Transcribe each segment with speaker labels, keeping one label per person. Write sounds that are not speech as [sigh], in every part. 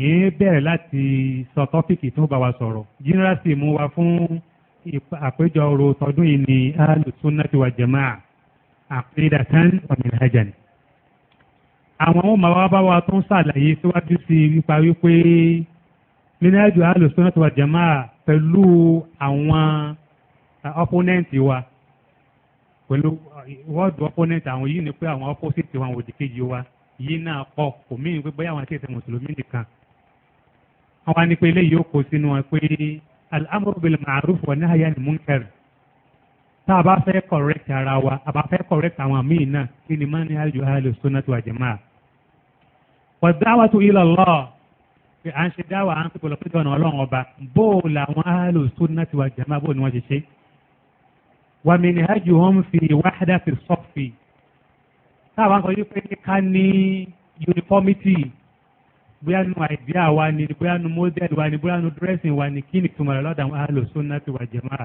Speaker 1: kìí bẹ̀rẹ̀ láti sọ tọ́pìkì tó bá wa sọ̀rọ̀ general sì mú wa fún àpéjọ ọ̀rọ̀ tọdún yìí ní alùsùnàtì wa jẹ̀má àpédàtàn ọ̀mìnàjà ni. àwọn ohun màá bá wa tó ń ṣàlàyé síwájú sí i nípa wípé mínájú alùsùnàtì wa jẹ̀má pẹ̀lú àwọn ọ́pọ́nẹ́ǹtì uh, wa pẹ̀lú uh, wọ́ọ̀dù ọ́pọ́nẹ́ǹtì àwọn yìí ni pé àwọn ọ́pọ́sìtì wa àwọn òdìkejì wa yìí náà pọ̀ kò mí àwa ni pé eléyìí yóò kó sínú wọn pé al-amru bil ma'ruf wa nahyi anil munkar tá a bá fẹ́ correct ara wa a bá fẹ́ correct àwọn míì náà kí ni máa ní àjò ahlu sunnati wal jamaa. wa da'watu ila Allah pé à ń ṣe dáwà à ń pèpè lọ́pẹ́ tọ̀nà ọlọ́run ọba bó o làwọn ahlu sunnati wal ni wọ́n ṣe ṣe. wa minhajuhum fi wahdati saffi tá a bá ń sọ yí pé ká ní uniformity bóyá nu àìdíà wa ni bóyá nu mọ́dẹ́lì wa ni bóyá nu dírẹ́sìn wa ni kí ni tùmọ̀ rẹ̀ lọ́dà wọn á tí wà jẹ̀mọ́ra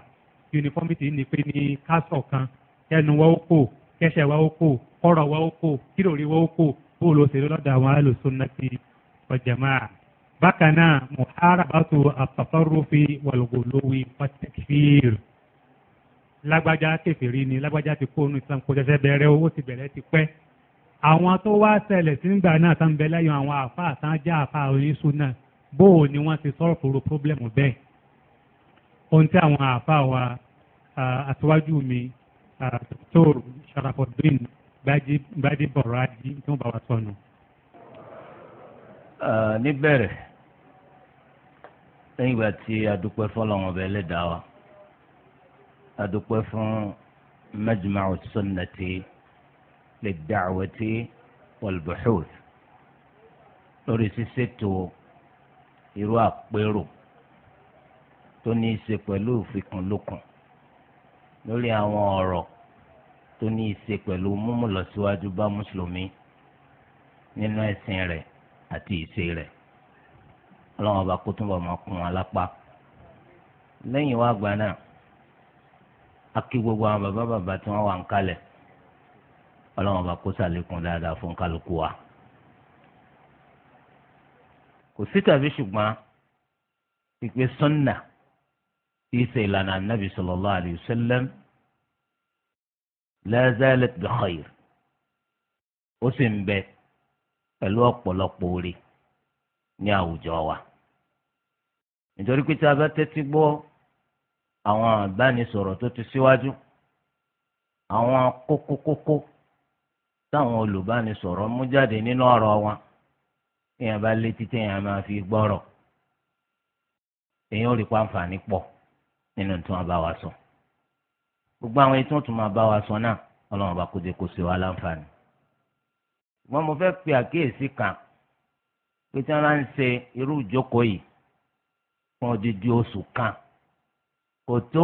Speaker 1: yunifọ́mìtì ni pé ní kásọ̀ kan kẹnu wa ó kò kẹsẹ̀ wa ó kò kọ́rọ̀ wa ó kò kíròrí wa ó kò bóòlù òṣèlú lọ́dà wọn á lò sóńnà tí wà jẹ̀mọ́ra. bákan náà muharabatu àtọ̀fọ́rúfi wàlúwòlówì pàtẹ́kìfìr lágbájá kèfèrí ni lágbájá ti kó àwọn tó wá ṣẹlẹ̀ sí nígbà náà tá bẹ lẹ́yìn àwọn àfa àtànjá àfa oníṣu náà bó ni wọ́n ti sọ̀rọ̀ fòrò pọ́blẹ́mù bẹ́ẹ̀ ohun tí àwọn àfa wa àtiwájú mi dr sharafodin gbadé bọ̀rọ̀ ajé tí wọ́n bá wa sọnù.
Speaker 2: níbẹ̀rẹ̀ lẹ́yìn ìgbà tí adúpẹ́ fọlọ́wọn ọbẹ̀ ẹlẹ́dàá wa adúpẹ́ fún mẹ́jùmáà sunnati lid-da'wati wal-buhuth lórí ṣíṣètò irú àpérò tó ní í ṣe pẹ̀lú ìfikùnlukùn lórí àwọn ọ̀rọ̀ tó ní í ṣe pẹ̀lú múmúlọsíwájú bá mùsùlùmí nínú ẹ̀sìn rẹ̀ àti ìṣe rẹ̀ ọlọ́run ọba kó túnbọ̀ máa kún wọn lápá lẹ́yìn wá gbà náà a kí gbogbo àwọn bàbá bàbá tí wọ́n wà ń kalẹ̀ ọlọ́run ọba kó sàlékún dáadáa fún kálukú wa. kò sí tàbí ṣùgbọ́n ìpè sọ́nà tí í ṣe ìlànà anábì sallallahu alayhi wa sallam la zalat bi khair ó sì ń bẹ pẹ̀lú ọ̀pọ̀lọpọ̀ oore ní àwùjọ wa. nítorí pé tí a bá tẹ́tí gbọ́ àwọn àbánisọ̀rọ̀ tó ti síwájú àwọn kókókókó táwọn olùbánisọ̀rọ̀ mú jáde nínú ọ̀rọ̀ wọn èèyàn bá létí téèyàn máa fi gbọ́rọ̀ èèyàn ò rí pàǹfààní pọ̀ nínú tí wọ́n bá wa sọ gbogbo àwọn etí wọ́n tún máa bá wa sọ náà ọlọ́run bá kó jẹ́ kó ṣe wá láǹfààní. ṣùgbọ́n mo fẹ́ pe àkíyèsí kan pé tí wọ́n bá ń ṣe irú ìjókòó yìí fún odidi oṣù kan kò tó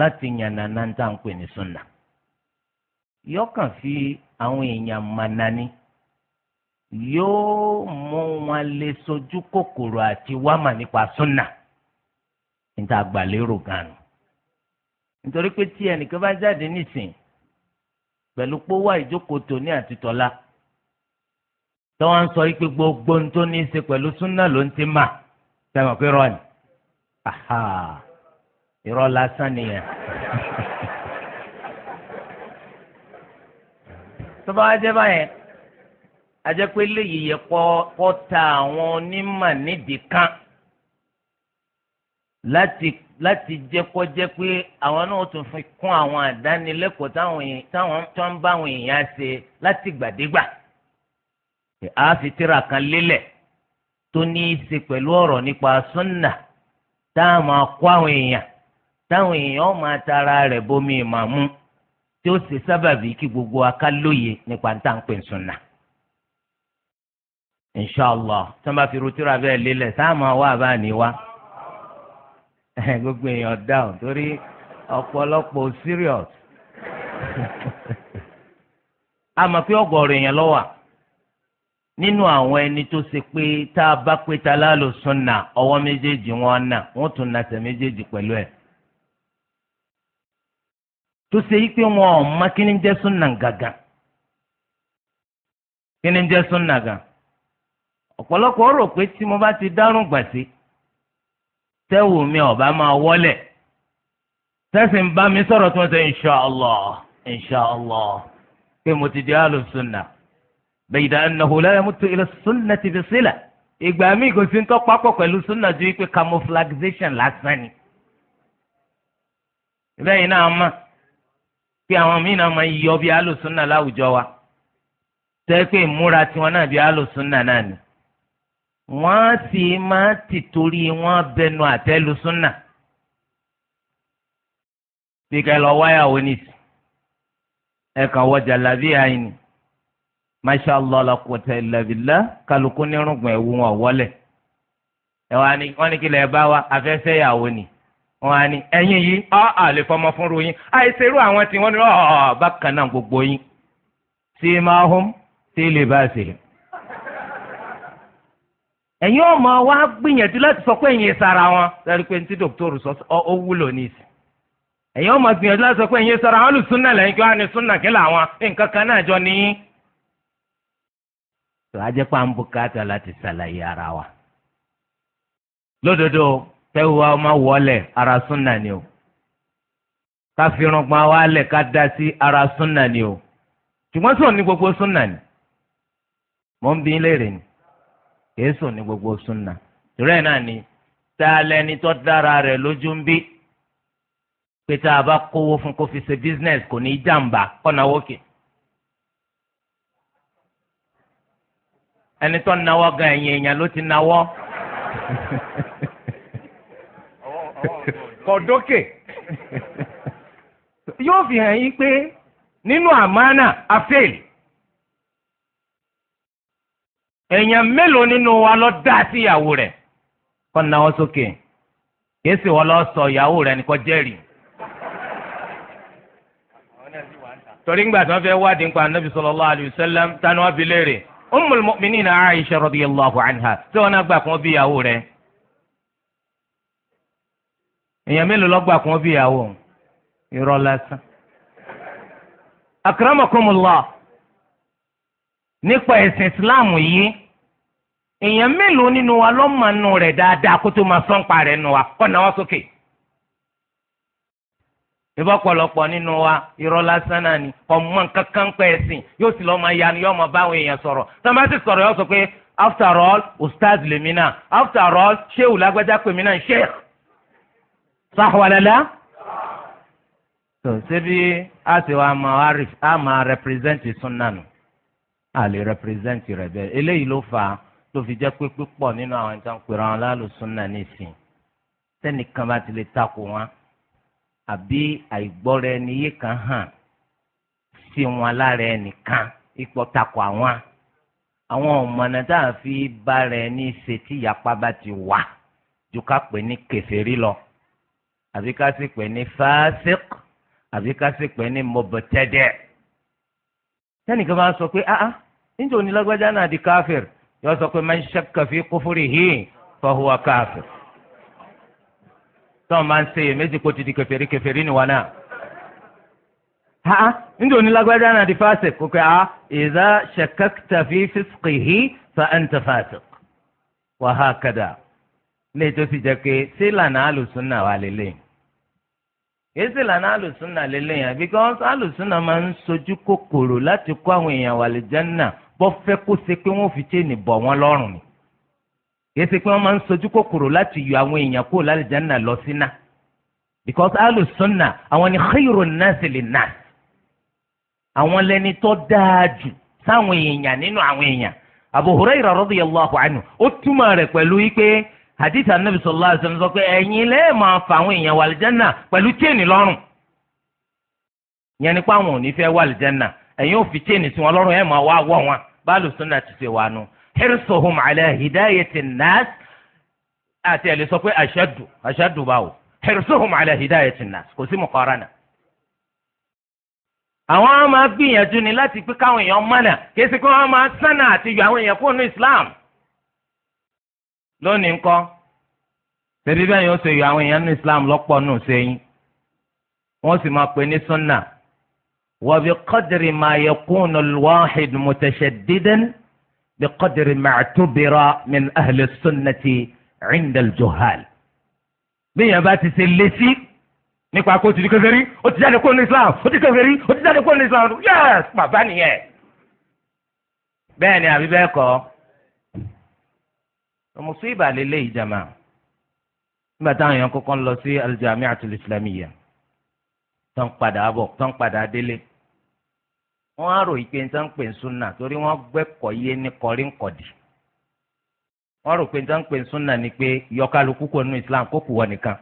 Speaker 2: láti yànnà náà ń tà ń pè ní sunna yọkàn fi àwọn èèyàn mànani yóò mú wọn lè sojú kòkòrò àti wámà nípa súnà níta gbàlérò gan nítorí pé tí ẹnìkan bá jáde nísìn pẹ̀lú pówó àìjókòó tòní àti tọ́lá tọ́wọ́n ń sọ pé gbogbo ohun tó ní í ṣe pẹ̀lú súnà ló ń ti mà sẹ́wọ̀n pé rọ́ọ̀nì aha irọ́ lásán nìyẹn. [laughs] tó bá wá jẹ́ báyẹn ajẹ́pẹ́ léyìí yẹ kọ́ ta àwọn onímọ̀ nídìí kan láti láti jẹ́ kọ́ jẹ́ pé àwọn náà tún fi kún àwọn àdánilẹ́kọ̀ọ́ táwọn tó ń bá àwọn èèyàn ṣe láti gbàdégbà a fi tírà kan lélẹ̀ tó ní í ṣe pẹ̀lú ọ̀rọ̀ nípa súnnà tá máa kó àwọn èèyàn táwọn èèyàn máa tara rẹ̀ bomi ìmàmú. tí ó ṣe sábàbí kí gbogbo aká lóye nípa ń tàn pé sunna. inshàlá tí bá fi rotira bẹ́ẹ̀ lélẹ̀ sáàmà wà bá ní [laughs] gbogbo èèyàn torí ọpọlọpọ serious. [laughs] a mọ̀ pé ọ̀gọ̀ọ̀rọ̀ èèyàn lọ́wà nínú àwọn ẹni tó ṣe pé tá a bá ta ọwọ́ méjèèjì wọn wọ́n tún tẹ̀ méjèèjì pẹ̀lú ẹ̀. tó ṣe yí pé wọn ò mọ kí ni jẹ́ súnà gàgà kí ni jẹ́ súnà gàgà ọ̀pọ̀lọpọ̀ pé tí mo bá ti dárùn tẹ́wù mi ọ̀bá máa wọlé tẹ́sí ń bá mi sọ̀rọ̀ tí wọ́n insha Allah Allah pé mo ti di alùsùnà bẹ̀yìdà annahu la ya ila sunnati bi sila ìgbà míì kò sí ń tọ́ pápọ̀ pẹ̀lú súnà ju wípé camouflagization lásán ni. pé àwọn míì náà máa ń yọ bí alùsùnà láwùjọ wa tẹ́ pé ìmúra tiwọn náà bí alùsùnà náà ni wọ́n sì máa ti torí wọ́n bẹnu àtẹ́lùsùnà bí ká lọ wáyàwó nìsí ẹ kàn wọ jàlábíà yìí ni masha allah la quwwata illa billah kálukú nírùngbọ̀n ẹ̀wù wọn wọlé ẹ wọn ní kí lè bá wa afẹ́fẹ́ yàwó ni. wọn á ní ẹ̀yin yìí ọ àlè fọmọ fúnru yín àìsèrú àwọn tí wọn ní ọ bákan náà gbogbo yín tí máa hóm tí lè bá ṣe. ẹ̀yin ọmọ wa gbìyànjú láti sọ pé ẹ̀yin sara wọn lórí pé ní tí dòkítọ́rù sọ ọ wúlò ní ìsìn. ẹ̀yin ọmọ gbìyànjú láti sọ pé ẹ̀yin sara wọn lùsúnà lẹ́yìn kí wọ́n á ní súnà kí làwọn nǹkan kan náà jọ ní. tó a jẹ́ pé à ń láti ṣàlàyé ara wa. lódodo kẹ́wù wa máa wọlé ara súnà ni o ká fìrùngbọ̀n wa lẹ̀ ká da sí ara súnà ni o ṣùgbọ́n sọ̀ ní gbogbo súnà ni mò ń bí léèrè ni kìí ní gbogbo súnà ìrẹ́ náà ni tá a lẹni tó dára rẹ̀ lójú ń bí pé tá a bá kówó fún kó fi ṣe business kò ní í jàǹbá kọ́nà wókè. ẹni tó náwó gan ẹ̀yìn èèyàn ló ti náwó. [laughs] kọ̀dókè yóò fi hàn yín pé nínú àmánà àfẹ́ẹ̀lì èèyàn mélòó nínú wa lọ dá sí rẹ̀ kọ́ náwó sókè kìí sì lọ sọ ìyàwó rẹ̀ nìkan jẹ́rìí. torí ńgbà tí wọ́n fẹ́ wádìí nípa anabi sallallahu alayhi wa anha tí wọ́n náà gbà kí èèyàn mélòó lọ́gbà kún bí ìyàwó irọ́ lásán. akramakumullah nípa ẹ̀sìn islam yìí èèyàn mélòó nínú wa lọ́mọ̀nù rẹ̀ dáadáa kó tó máa sọ́npa rẹ̀ nù wa kọ́ náà wọ́n sókè. ìbọ̀pọ̀lọpọ̀ nínú wa irọ́ lásán náà ni ọmọ nǹkan kan pẹ́ ẹ̀sìn yóò sì lọ́ọ́ máa yanu yóò máa báwọn èèyàn sọ̀rọ̀ tó sì sọ̀rọ̀ yóò sọ pé after all ustaz lèmi náà after all sheu lágbájá pèmí náà sheikh sáhùwàlẹ́lá tó ṣébi a sì wá a máa rẹpírẹsẹ̀ntì súnánù a lè rẹpírẹsẹ̀ntì rẹ bẹ́ẹ̀ eléyìí ló fà á tó fi jẹ́ pé pípọ̀ nínú àwọn ẹni tó ń pèrè àwọn alálùsúnà nísìn sẹ́nìkan bá ti lè takò wọn àbí àìgbọ́ra ẹni yé kan hàn sí wọn lára ẹnìkan ipò takò àwọn àwọn ọ̀mọ̀nà tá a fi bára ẹni ṣe tí ìyapa bá ti wà ju ká pè ní kèfèrí lọ àbí ká sì pè ní fásik àbí ká sì pè ní mọ̀bọ̀tẹ́dẹ̀. sẹ́nìkan máa ń sọ pé ah, ah níjẹ́ onílágbájá náà di káfíìr yọ sọ pé man shakka fi kufrihi fahuwa káfíìr. tọ́ máa ń ṣe èyí méjì kó ti di kèfèrí kèfèrí ni wọn náà. ah níjẹ́ onílágbájá náà di fásik kò pé ah idha fi fisqihi fa anta fásik. wa hakada lè tó ti jẹ́ pé sílànà alùsùn náà wà lélẹ́yìn kìí lànà àlùsùnà lélẹ́yìn because àlùsùnà máa ń sojú kòkòrò láti kó àwọn èèyàn wà lè jẹ́nà bọ́ fẹ́ kó ṣe pé wọ́n fi chain bọ̀ wọ́n lọ́rùn ni kìí ṣe pé wọ́n máa ń sojú kòkòrò láti yọ àwọn èèyàn kó lálè jẹ́nà lọ sínà because àlùsùnà àwọn ni khayru nasi lin nas àwọn lẹni tó dáa jù sáwọn èèyàn nínú àwọn èèyàn Abu Hurairah radiyallahu anhu hadith anabi sallallahu alaihi wasallam sọ pé ẹ̀yin lẹ máa fa àwọn èèyàn wàlìjánà pẹ̀lú chain lọ́rùn yẹn ni pé àwọn ò ní fẹ́ wàlìjánà ẹ̀yin ò fi chain sí wọn lọ́rùn ẹ máa wá wọ wọn báàlù sunna ti ṣe wà nù hirsuhum ala hidayati nas àti ẹ sọ pé ashaddu ashaddu báwo hirsuhum ala hidayati nas kò sí muqarana àwọn máa gbìyànjú ni láti pé káwọn èèyàn mọ̀nà kí ẹ sì kí wọ́n máa sánà àti yọ àwọn èèyàn kúrò ní islam lónìí ńkọ́ ṣebí bẹ́ẹ̀ yóò ṣe yọ àwọn èèyàn ní islam lọ́pọ̀ nù sẹ́yìn wọ́n sì máa pè ní sunna wa bi qadri ma yakunu al-wahid mutashaddidan bi qadri ma'tubira min ahli sunnati inda al bí èèyàn bá ti ṣe lé sí nípa kó ti di kèfèrí ó ti jáde kó ní islam ó ti kèfèrí ó ti jáde kó ní islam yẹ́s bàbá nìyẹn bẹ́ẹ̀ ni àbí bẹ́ẹ̀ kọ́ musiba lélẹ́yìí jama nígbà táwọn èèyàn kọ́kọ́ ń lọ sí al-Jami'atul Islamiyya tó ń padà bọ̀ tó ń padà délé wọ́n á ròyìn pé nǹkan pè ń súnà torí wọ́n gbẹ́kọ̀ yé ní kọrí ń kọ̀dì wọ́n rò pé nǹkan pè ń súnà ni pé yọkàlùkù kò nínú Islam kó kù nìkan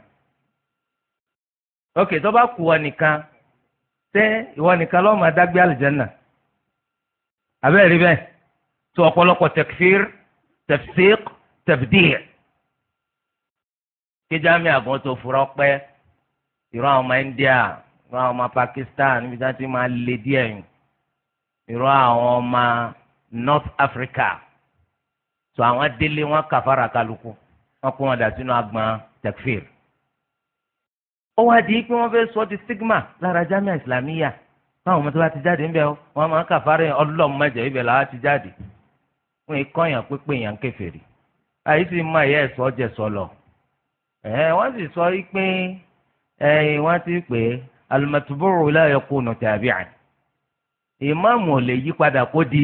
Speaker 2: ok tó bá kù nìkan ṣé ìwọ nìkan lọ́ọ́ máa dágbé àlùjánnà abẹ́rẹ́ bẹ́ẹ̀ tó ọ̀pọ̀lọpọ̀ tẹ̀kfír tẹ̀fsíq tẹ̀bídìyẹ kéjàmí àgùn tó furọ́ pẹ́ ìrọ̀ àwọn ọmọ India ìrọ̀ àwọn ọmọ Pakistan níbi tí wọ́n ti máa lé díẹ̀ yìí ìrọ̀ àwọn ọmọ North Africa tó àwọn délé wọn kàfàrà kálukú wọn kó wọn dà sínú agbọn tẹkfir ó wá di pé wọ́n fẹ́ sọ di stigma lára jamiu islamiyya báwọn ọmọ tó bá ti jáde ńbẹ wọ́n máa kàfàrà ọlọmọdé ibẹ̀ làwọn ti jáde wọ́n kọyàn pípé yàn kèfèrí. àyè sì máa yẹ ẹ̀sọ́ jẹ sọlọ wọ́n sì sọ pé wọ́n ti pè é alimọ̀tòbóró la yakunu tabi'an ìmáàmù ò lè yí padà kó di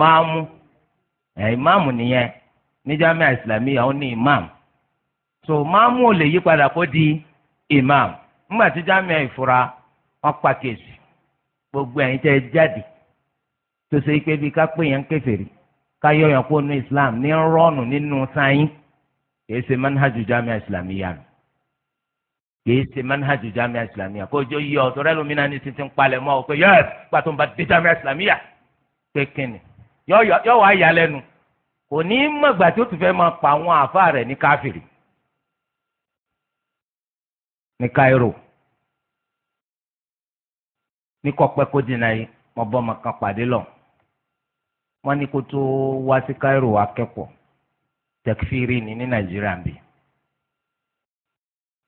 Speaker 2: máàmù ìmáàmù nìyẹn ní jami'a islamiyya ní ìmáàmù so máàmù ò lè yí padà kó di ìmáàmù nígbà tí jami'a ìfura wọn pàkíyèsí gbogbo enyi tẹ́ jáde tó ṣe pé bí ká pè káyọ̀ yàn kó nu islam ní rọ́ọ̀nù nínú sáyìn kìí ṣe manhajù jamia islamiyà nù kìí ṣe manhajù jamia islamiyà kó jọ yí ọ̀tọ̀ rẹ lómìnira ní títí ń palẹ̀ mọ́ ọ pé yẹ́s pàtó ń bá dé jamia islamiyà pé kíni yọ wá yà lẹ́nu kò ní mọ̀gbà tí ó ti fẹ́ máa pa àwọn àáfàá rẹ̀ ní káfìrì ní Cairo ní kọ́pẹ́ kó dìnnà yìí mo bọ́ ọmọ kan pàdé lọ́wọ́ wọ́n ní kó tó wá sí Cairo akẹ́kọ̀ọ́ tẹkifiri ni ní Nàìjíríà ń bì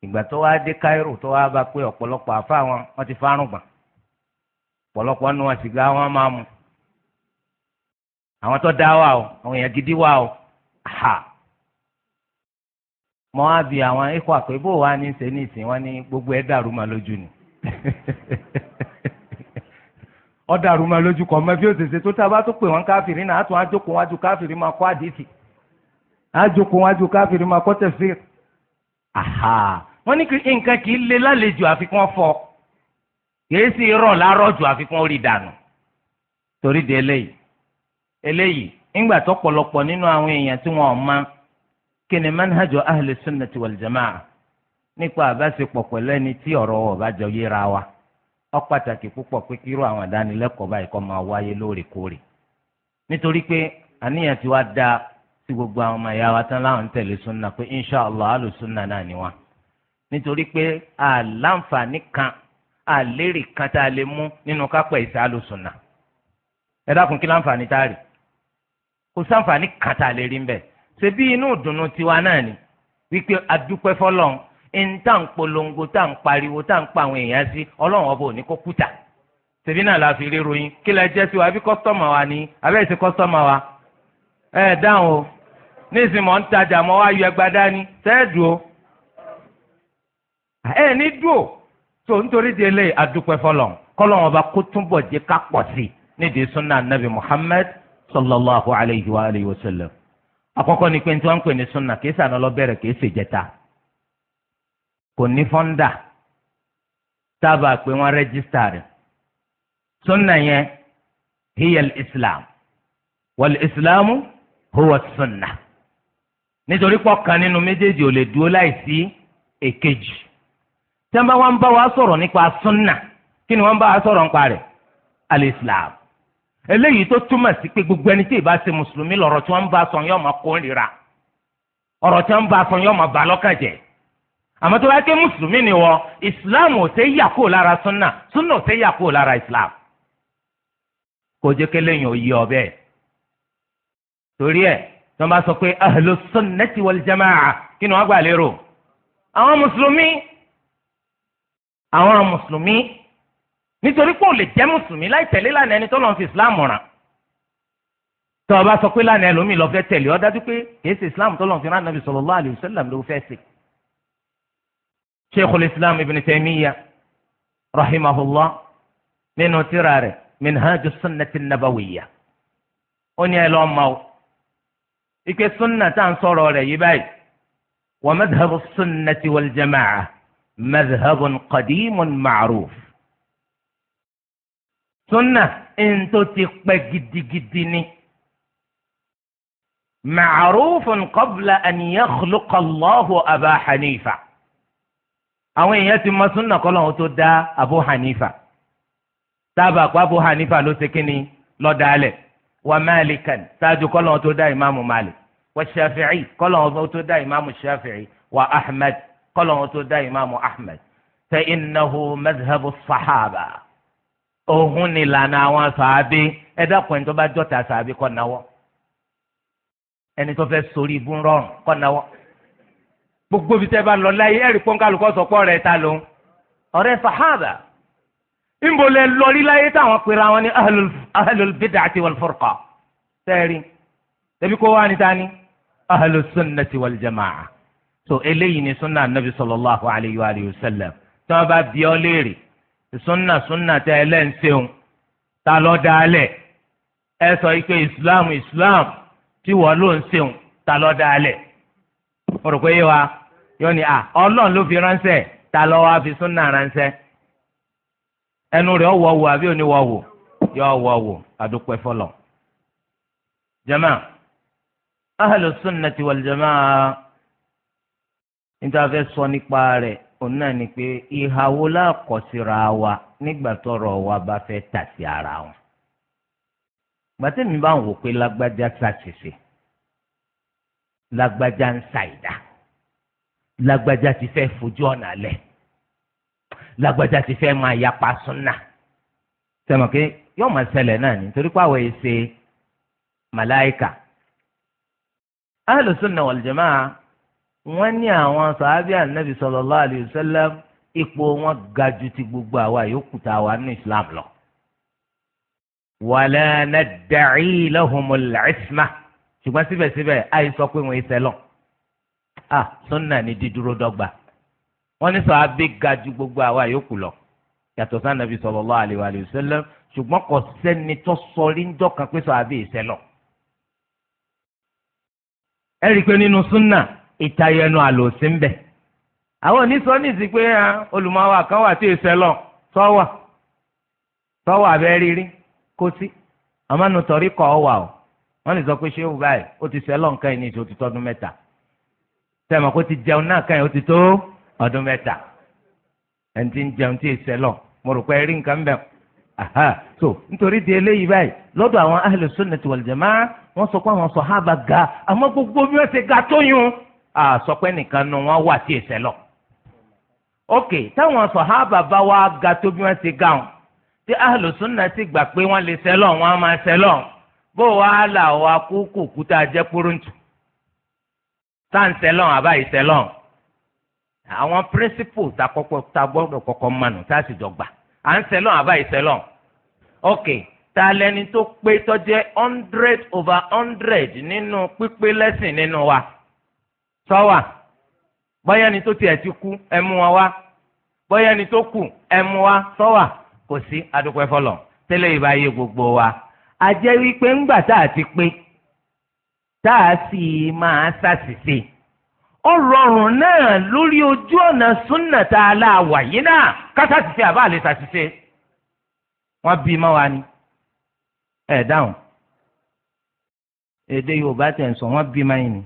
Speaker 2: ìgbà tó wá dé Cairo tó wá bá pé ọ̀pọ̀lọpọ̀ àfa wọn wọ́n ti fárùn gbọ̀n ọ̀pọ̀lọpọ̀ nu wọn sìgá wọn máa mu àwọn tó dá wà o àwọn èèyàn gidi wà o ha mọ́ á bi àwọn ikọ̀ àpébò wa ní ṣe ní ìsìn wọn ní gbogbo ẹ̀ dàrú ma lójú ni [laughs] ọ̀dà àrùmọ̀ lójú kọ̀ mọ́ bí òṣèṣe tó tá a bá tó pè wọ́n káfìrí náà á tún ájókòó wájú káfìrí máa kọ́ àdìsí ájókòó wájú káfìrí máa kọ́ tẹ̀sí. wọ́n ní nǹkan kì í le lálejò àfikún fọ kìí sì rọ̀ lárọ̀ jù àfikún orí dànù torí de eléyìí eléyìí ńgbà tó pọ̀lọpọ̀ nínú àwọn èèyàn tí wọ́n mọ̀ kí ni manhajo ahli sunnati wal jamaa nípa àbáṣepọ̀ pẹ̀lú ẹni tí ọ̀rọ̀ wọ̀ ó pàtàkì púpọ̀ pé kíró àwọn àdánilẹ́kọ̀ọ́ báyìí kó máa wáyé lóòrèkóòrè nítorí pé àníyàn ti wá dáa tí gbogbo àwọn ọmọ ìyá wa tán láwọn ń tẹ̀lé súnà pé inshàlá alùsúnà náà ni wá nítorí pé àlàǹfààní kan àlérè kan tá a lè mú nínú kápẹ́ ìsà alùsúnà ẹ dákun kí láǹfààní tá a rí kò sáǹfààní kan tá a lè rí ń bẹ̀ ṣe bí inú ìdùnnú tiwa náà ni wípé adúpẹ́ fọlọ́n ntà ń polongo tá ń pariwo tá ń pa àwọn èèyàn sí ọlọ́run ọba ò ní kó kúta tèmi fi rí ròyìn kí wa àbí kọ́sítọ́mà wa ni àbẹ́ ìsìn kọ́sítọ́mà wa ẹ dáhùn o níìsín mọ̀ ń tajà mọ́ wá yọ o ní tó nítorí di eléyìí adúpẹ́ ọba kó túnbọ̀ jẹ́ ká pọ̀ sí nídìí nabi Muhammad sallallahu alayhi wa sallam àkọ́kọ́ ni pé ní tí wọ́n ń pè ní kò ní fọ́ńdà sábà pé wọ́n rẹ́gísítà rẹ̀ sunna yẹn hiya islam wal islamu huwa sunna nítorí pọ̀kan nínú méjèèjì ò lè dúró láìsí èkejì tí wọ́n bá wá bá wa sọ̀rọ̀ nípa sunna kí ni wọ́n bá wa sọ̀rọ̀ nípa al-islam eléyìí tó túmọ̀ sí pé gbogbo ẹni tí ì bá ṣe mùsùlùmí lọ̀rọ̀ tí wọ́n bá sọ ọ̀rọ̀ tí wọ́n bá sọ àmọ́ tó bá ké mùsùlùmí ni wọ islam ò tẹ́ yà kó lára sunna sunna ò tẹ́ yà kó lára islam kò jẹ́ kí lẹ́yìn òye ọbẹ̀ torí ẹ̀ tí wọ́n bá sọ pé ahlu sunnati wal jamaa kí ni wọ́n gbà lérò àwọn mùsùlùmí àwọn mùsùlùmí nítorí pé ò lè jẹ́ mùsùlùmí láì tẹ̀lé lànà ẹni tó lọ́n fi islam ràn tí wọ́n bá sọ pé lànà ẹlòmíì lọ́ fẹ́ tẹ̀lé ó dájú pé kìí ṣe islam tó lọ́n fi rán nàbì sallallahu alaihi wasallam ló شيخ الإسلام ابن تيمية رحمه الله من ترار منهاج السنة النبوية أني لومو إك السنة عن صورة يباي ومذهب السنة والجماعة مذهب قديم معروف سنة إن تتقب جد جدني معروف قبل أن يخلق الله أبا حنيفة àwọn èèyàn ti mọ súnà kọ́lọ́hún tó dá Abu Hanifa sábà kó Abu Hanifa ló ṣe kínní lọ́dàálẹ̀ wa Malikan ṣáájú kọ́lọ́hún tó dá ìmáàmù Malik wa Shafi'i kọ́lọ́hún tó dá ìmáàmù Shafi'i wa Ahmed kọ́lọ́hún tó dá ìmáàmù Ahmed fa innahu madhhabu sahaba òhun ni àwọn sàábé ẹ dákun tó bá jọta sàábé kọ́ náwọ́ ẹni tó fẹ́ sórí ibú rọrùn kọ́ náwọ́ gbogbo ibi tẹ́ bá lọ láyé ẹ̀rí pọ́nkálukọ́ sọ̀pọ̀ rẹ̀ ta ló ń ọ̀rẹ́ sàhábà ńbọ lẹ lọrí láyé táwọn pèrè àwọn ní ahlul bid'ati wal furqa sẹ́ẹ̀rí tẹ̀bí kó wá ní tani ahlus sunnati wal jama'a so eléyìí ni sunna anabi sallallahu alayhi wa sallam tí wọ́n bá bí ọ léèrè sunna sunna tẹ ẹlẹ́nsẹ̀hún ta ló dálẹ̀ ẹ sọ yìí pé islam islam tí wọ́n ló ń sẹ̀hún ta ló dálẹ̀ o rò pé yé wa yóò ní à ọlọ́run ló fi ránṣẹ́ ta lọ́ wá fi súnà ránṣẹ́ ẹnu rẹ̀ ọ̀wọ̀ wò àbí oníwọ̀ wò yọ ọ̀wọ̀ wò àdúpẹ́ fọlọ̀ jama sọ nípa rẹ̀ òun náà ni pé ìhàwó lákọ̀síra wa nígbà tọrọ wa bá fẹ́ ara wọn gbàtẹ́mi bá ń wò pé lágbájá sàṣìṣe. lágbájá ń sa ìdá lágbájá ti fẹ́ fojú ọ̀nà lẹ̀ lágbájá ti fẹ́ máa yapa súnà sẹ́mi pé yóò máa ṣẹlẹ̀ náà ni torí pé àwọn èsè màláìkà alùsùnà wàlùjẹ́mà wọ́n ní àwọn sàábì ànábì sallallahu alayhi wa sallam ipò wọn ga ju ti gbogbo àwa yòókù tá a wà nínú Islam lọ. wàlẹ́ nadda'i lahumul isma. ṣùgbọ́n síbẹ̀síbẹ̀ àyè sọ pé wọ́n ṣẹlọ̀ à sọ́nà ni dídúró dọ́gba wọ́n ní sọ abẹ́ ga ju gbogbo àwa yòókù lọ yàtọ̀ sí ànábì sallallahu alaihi wa sallam ṣùgbọ́n kò sẹ́ni tó sọ rí ń dọ́kan pé sọ abẹ́ ẹ rí i pé nínú sunna ń àwọn onísọ ní pé olùmọ̀wá kan ọ wà o. wọ́n lè sọ pé ṣéwù báyìí ó ti sẹ́lọ̀ nǹkan yìí ní ìṣó ti tọ́dún mẹ́ta sẹ́mi kó ti jẹun náà kan yìí ó ti tó ọdún mẹ́ta ẹni tí ń jẹun tí ì sẹ́lọ̀ mo rò pé rí nǹkan bẹ́ẹ̀ aha so nítorí di eléyìí báyìí lọ́dọ̀ àwọn ahlu sunnati wal jamaa wọ́n sọ pé àwọn sàhábà ga àmọ́ gbogbo bí wọ́n ṣe ga tó yún à sọ pé nìkan nu wọ́n wà tí ì sẹ́lọ̀ ok táwọn sàhábà bá wá ga tó bí wọ́n ṣe ga hàn tí ahlu sunnati gbà pé wọ́n lè sẹ́lọ̀ wọ́n á máa sẹ́lọ̀ bó wàá là wá kú kò kúta jẹ́ kúrúntù sáǹsẹ̀lọ̀n àbáyìsẹ̀lọ̀n àwọn píríncípù tá a gbọ́dọ̀ kọ́kọ́ mọ̀nù tá a sì jọ gbà à ń sẹ̀lọ̀n àbáyìsẹ̀lọ̀n ok ta lẹni tó pé tó hundred over hundred nínú pípé lẹ́sìn nínú wa sọ́wà bóyá ni tó tiẹ̀ ti kú ẹ wa wá bóyá ni tó kù ẹ mú wa sọ́wà kò sí adúpẹ́ tẹ́lẹ̀ ìbáyé gbogbo wa a jẹ́ wípé ńgbà tá a ti pín tá a sì máa ṣàṣìṣe ó rọrùn náà lórí ojú ọ̀nà súnà tá a la wà yìí náà ká ṣàṣìṣe àbá àlè ṣàṣìṣe wọ́n bí mọ́ wa ni ẹ̀ dáhùn èdè Yorùbá tẹ̀ ń sọ wọ́n bí mọ́ yìí ni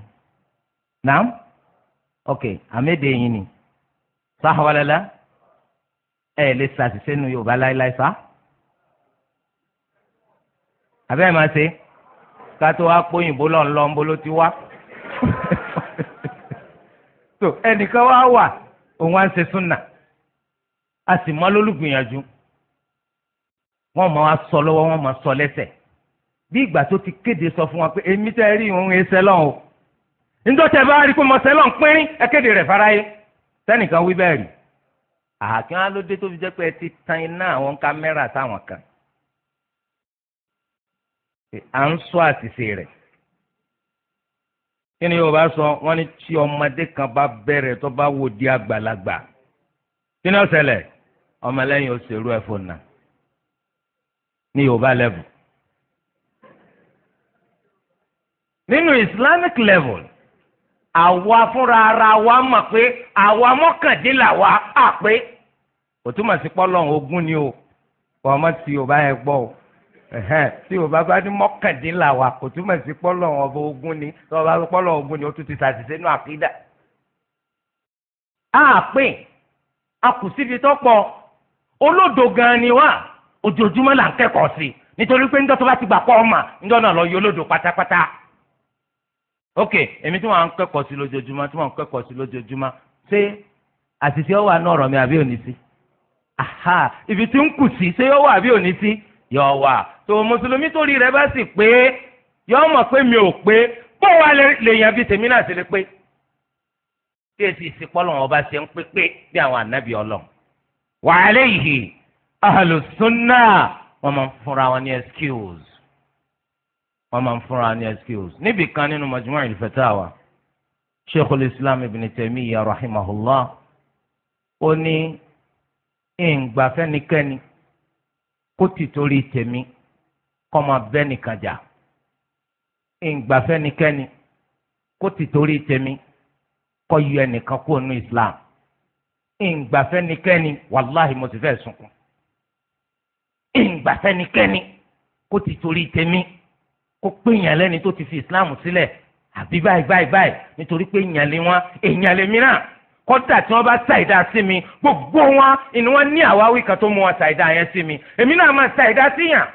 Speaker 2: naam ok àmẹ́dẹ yìí ni sáhàwálẹ́lá ẹ̀ lè ṣàṣìṣe nu Yorùbá láéláé sáà abẹ́ẹ̀ máa ṣe kátó wá póyìnbó lọ́n lọ́ ń bolo ti wá so ẹnìkan wá wà òun á ń ṣe súnà a sì mọ lólùgbìyànjú wọ́n máa wá sọ lọ́wọ́ wọ́n máa sọ lẹ́sẹ̀ bí ìgbà tó ti kéde sọ fún wa pé èmi tẹ́ rí òun ẹsẹ̀ lọ́n o nítorí bá rí i pé mo sẹ́lọ̀ ń pínrín ẹ kéde rẹ̀ fáráyé sẹ́nìkan wí bẹ́ẹ̀ rí àkínyàn ló dé tó fi jẹ́ pé ẹ ti tan iná àwọn kámẹ́rà sáwọn kan à ń sọ àṣìṣe rẹ̀ kí ni Yorùbá sọ wọ́n ní tí ọmọdé kan bá bẹ̀rẹ̀ tó bá wò di àgbàlagbà kí ni ó ṣẹlẹ̀ òṣèlú ẹ̀fọ́ náà ní Yorùbá level nínú Islamic level àwa fúnra ara wa mọ̀ pé àwa mọ́kàndínláwa á pé òtúmọ̀ sí ogún ni o kò ọmọ tí Yorùbá yẹn gbọ́ o tí o bá bá ní mọ́kàndínláwa kò túmọ̀ sí pọ́lọ̀ ọba ogun ni tí o bá bá pọ́lọ̀ ogun ni o tún ti ṣàṣìṣe nínú àkídà. a pè a kù síbi tó pọ̀ olódo gan ni wá ojoojúmọ́ là ń kẹ́kọ̀ọ́ sí i nítorí pé níjọ́ tó bá ti gbà pọ̀ ọmọ níjọ́ náà lọ yọ olódo pátápátá. ok èmi tí wọ́n á ń kẹ́kọ̀ọ́ sí lójoojúmọ́ tí wọ́n ń kẹ́kọ̀ọ́ sí lójoojúmọ́ ṣé àṣìṣe ọwọ́ àná ọ̀rọ̀ mi àbí òní sí? aha ibi tí ń kù sí ṣé yóò wà àbí òní sí? yóò wà tó mùsùlùmí tó rí rẹ bá sì pé yọọ mọ̀ pé mi ò pé bó wa lèèyàn bíi tèmi náà sì lè pé tí èsì ìsìnkpọ́lọ̀ wọn bá ṣe ń pépé bí àwọn ànábì ọlọ́run wa alayhi ahlu sunnah wọ́n máa ń fúnra wọn ní excuse wọ́n máa ń fúnra wọn ní excuse níbi kan nínú majmu' al-fatawa sheikhul islam ibn taymiyyah rahimahullah ó ní ìǹgbàfẹ́nikẹ́ni kó ti torí tèmi kọ́ máa bẹ́ nìkan jà ìgbàfẹ́ nìkẹ́ni kó ti torí tèmi kọ́ yọ ẹnìkan kúrò ní Islam ìgbàfẹ́ nìkẹ́ni wàláhì mo ti fẹ́ sunkún ìgbàfẹ́ nìkẹ́ni kó ti torí tèmi kó péyàn lẹ́ni tó ti fi Islam sílẹ̀ àbí báyìí báyìí báyìí nítorí pé èèyàn lé wọn èèyàn lé mìíràn kọ́dà tí wọ́n bá ṣàìdá sí mi gbogbo wọn ìní wọn ní àwáwí kan tó mú wọn ṣàìdá yẹn sí mi èmi náà máa ṣàìdá síyàn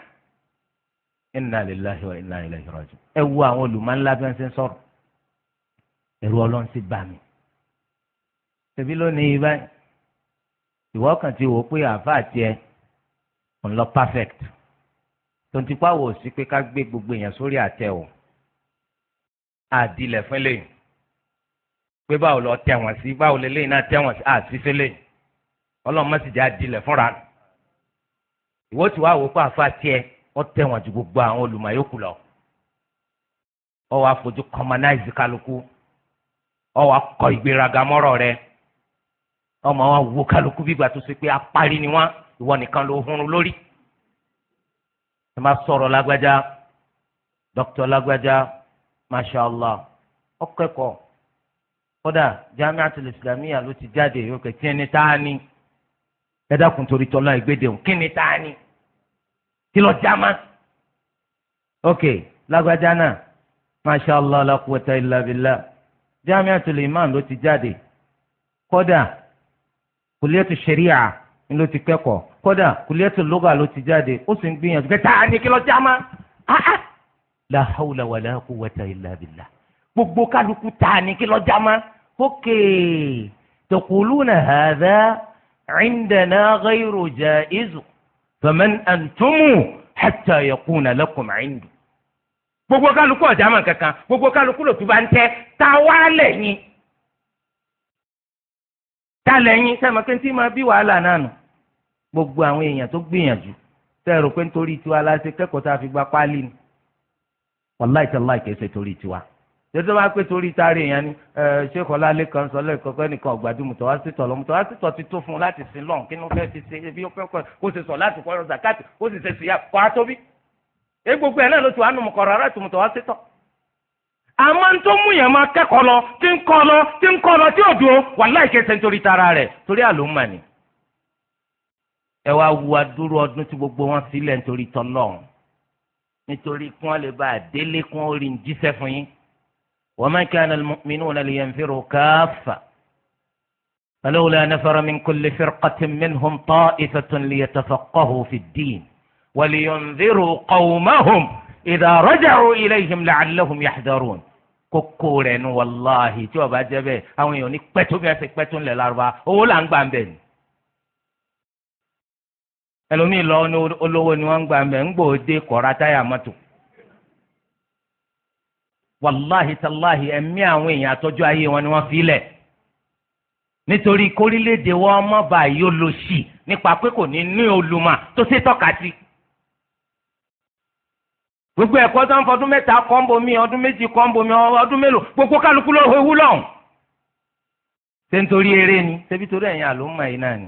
Speaker 2: inna lillahi wa inna ilaihi raji'un ẹ wo àwọn olùmọ̀ńlá bí wọ́n ṣe ń sọ̀rọ̀ ẹ̀rù ọlọ́run ti bà mí. tẹ̀bí lónìí ibà ìwọ kan ti wò ó pé àáfàá tiẹ̀ ń lọ perfect tó ń tipa wò sí pé ká gbé gbogbo èèyàn sórí àtẹ o àdìlẹ̀ fún lẹ́yìn pé báwo lọ tẹ̀ wọ́n sí báwo lẹ́lẹ́yìn náà tẹ̀ wọ́n sí àti fẹ́lẹ́ ọlọ́run má sì jẹ́ àdìlẹ̀ fúnra ìwọ ti wá wò ó pé àáfàá tiẹ̀ wọ́n tẹ̀wọ̀n ju gbogbo àwọn olùmọ̀ lọ ọ wàá fojú commonize kálukú ọ wàá kọ ìgbéraga mọ́rọ̀ rẹ ọmọ wa wo kálukú bígbà tó ṣe pé apárí ni wọn ìwọ nìkan ló hun lórí ẹ má sọ̀rọ̀ lágbájá dókítà lágbájá ló ti jáde ẹ dákun kí lọ já má. ok lágbájá náà masha allah la quwwata illa billah jamiatul iman ló ti jáde kódà kùlíẹ̀tù ṣẹ̀ríà ni ló ti kẹ́kọ̀ọ́ kódà kùlíẹ̀tù lóga ló ti jáde ó sì ń gbìyànjú pé táà ní kí lọ já má. Ah, ah. la hawla wa la quwwata illa billah gbogbo kálukú táà ní kí lọ já má. ok taquluna hadha indana ghayru jaizu. faman antumu hatta yakuna lakum indi gbogbo kálukú ọjà mọ kankan gbogbo kálukú bá ń tẹ ta wá ta lẹ́yìn sẹmọ pé tí máa bí wàhálà náà nù gbogbo àwọn èèyàn tó gbìyànjú sẹrò pé nítorí tiwa la ṣe tá a fi gba páálí ni wàláìtàláì kẹsẹ torí tiwa tètè wá pé torí taari èèyàn ni ṣé kọlá lè kàn sọ lẹ́ẹ̀kan pé nìkan ọ̀gbàdùn mùtọ́ wá sí tọ̀lọ́ mùtọ́ wá sí tọ̀ ti tó fún un láti sin lọ́n kí ló fẹ́ ti ṣe ebi ó fẹ́ kọ́ kó ṣe sọ láti kọ́ zakati ó sì ṣe ṣìyà kọ́ á tóbi. èyí gbogbo ẹ̀ náà ló ti wà nùmọ̀ kọ̀ọ̀rọ̀ ara tùmùtọ̀ wá sí tọ̀. àmọ́ ń tó mú yẹn máa kẹ́kọ̀ọ́ lọ tí ń kọ́ lọ tí ń kọ́ وما كان المؤمنون لينفروا كافة فلولا نفر من كل فرقة منهم طائفة ليتفقهوا في الدين ولينذروا قومهم إذا رجعوا إليهم لعلهم يحذرون كوكول والله شو بجيبي أو يونيك بيتو بيتك بيتون للأربعة أولان بامبين ẹlòmíì lọ ọ ní olówó ni wọn ń gbà wàláhi tàláhi ẹ̀mí àwọn èèyàn àtọ́jú ayé wọn ni wọ́n fi lẹ̀ nítorí kórílẹ̀-èdè wọn ọmọ báyìí ó lọ sí nípa pé kò ní ní olùmọ̀ tó ṣe tọ́ka sí. gbogbo ẹ̀kọ́ tó ń mẹ́ta kọ́ńbó mi ọdún méjì mi ọdún mélòó gbogbo kálukú ló ọ̀hún. ṣé nítorí eré ni torí ẹ̀yin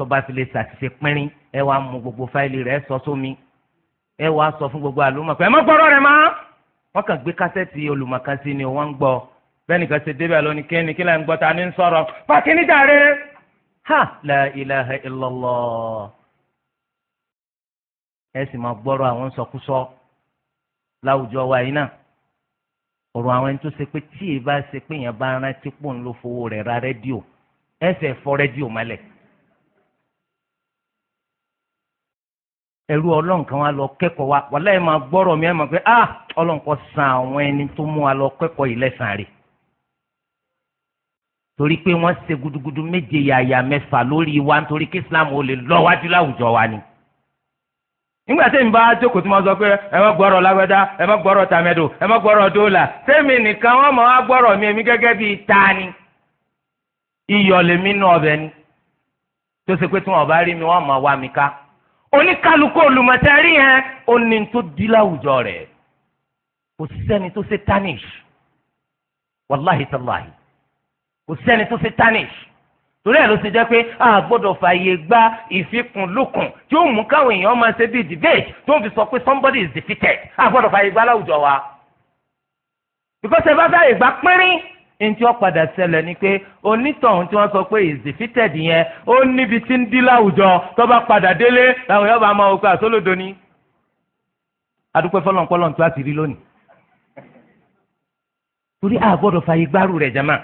Speaker 2: tó bá fi lè ṣàtìṣe pínrín ẹ wàá mú gbogbo fáìlì rẹ̀ sọ sómi ẹ wàá sọ fún gbogbo àlùmọ̀ pé ẹ má gbọ́rọ̀ rẹ̀ má. wọ́n kàn gbé kásẹ̀tì olùmọ̀kánsí ni wọ́n ń gbọ́ bẹ́ẹ̀ nìkan ṣe débẹ̀ lónìí kí ni kí là ń gbọ́ ta ni ń sọ̀rọ̀ fàkínní dàrẹ́. ha la ilaha illallah ẹ sì máa gbọ́rọ̀ àwọn sọkúsọ láwùjọ wa yìí náà ọ̀rọ̀ àwọn ẹni tó ṣe pé tí ì bá ṣe pé èèyàn bá rántí pò ń lo fowó rẹ̀ ra rédíò ẹ fẹ́ fọ́ rédíò ẹrú ọlọ́run kan wá lọ kẹ́kọ̀ọ́ wa wàlá ẹ̀ máa gbọ́rọ̀ mi ẹ̀ máa pé ah ọlọ́run kò san àwọn ẹni tó mú wa lọ kẹ́kọ̀ọ́ yìí lẹ́sàn-án rẹ̀ torí pé wọ́n ṣe gudugudu méje yàyà mẹ́fà lórí wa nítorí kí Islam ò lè lọ wájú láwùjọ wa ni nígbà tí mi bá jókòó tí mo sọ pé ẹ má gbọ́rọ̀ lágbádá ẹ má gbọ́rọ̀ tàmẹ́dò ẹ má gbọ́rọ̀ dọ́là sẹ́mi nìkan wọ́n mọ̀ gbọ́rọ̀ mi èmi gẹ́gẹ́ bíi tani iyọ̀ lèmi nù ọbẹ̀ ni tó ṣe pé tí wọ́n bá rí mi wọ́n mọ̀ wá mi ká oníkálukú olùmọ̀tẹ́rì yẹn ó ní tó di láwùjọ rẹ̀ kò sẹ́ni tó ṣe tanish wàláhi tàláhi kò sẹ́ni tó ṣe tanish torí ẹ̀ ló ṣe jẹ́ pé a gbọ́dọ̀ fààyè gba ìfikùnlukùn tí ó mú káwọn èèyàn máa ṣe bíi debate tó ń fi sọ pé somebody is defeated a gbọ́dọ̀ fààyè gba láwùjọ wa because ẹ bá fààyè gba pínrín ntí ó padà ṣẹlẹ̀ ni pé onítọ̀hún tí wọ́n sọ pé ìzìfítẹ̀d yẹn ó níbi tí ń dí láwùjọ tó padà délé làwọn yóò bá máa wọ pé àsólódò ni. adúpẹ́ fọlọ́npọ́lọ́ a ti rí lónìí. torí jama.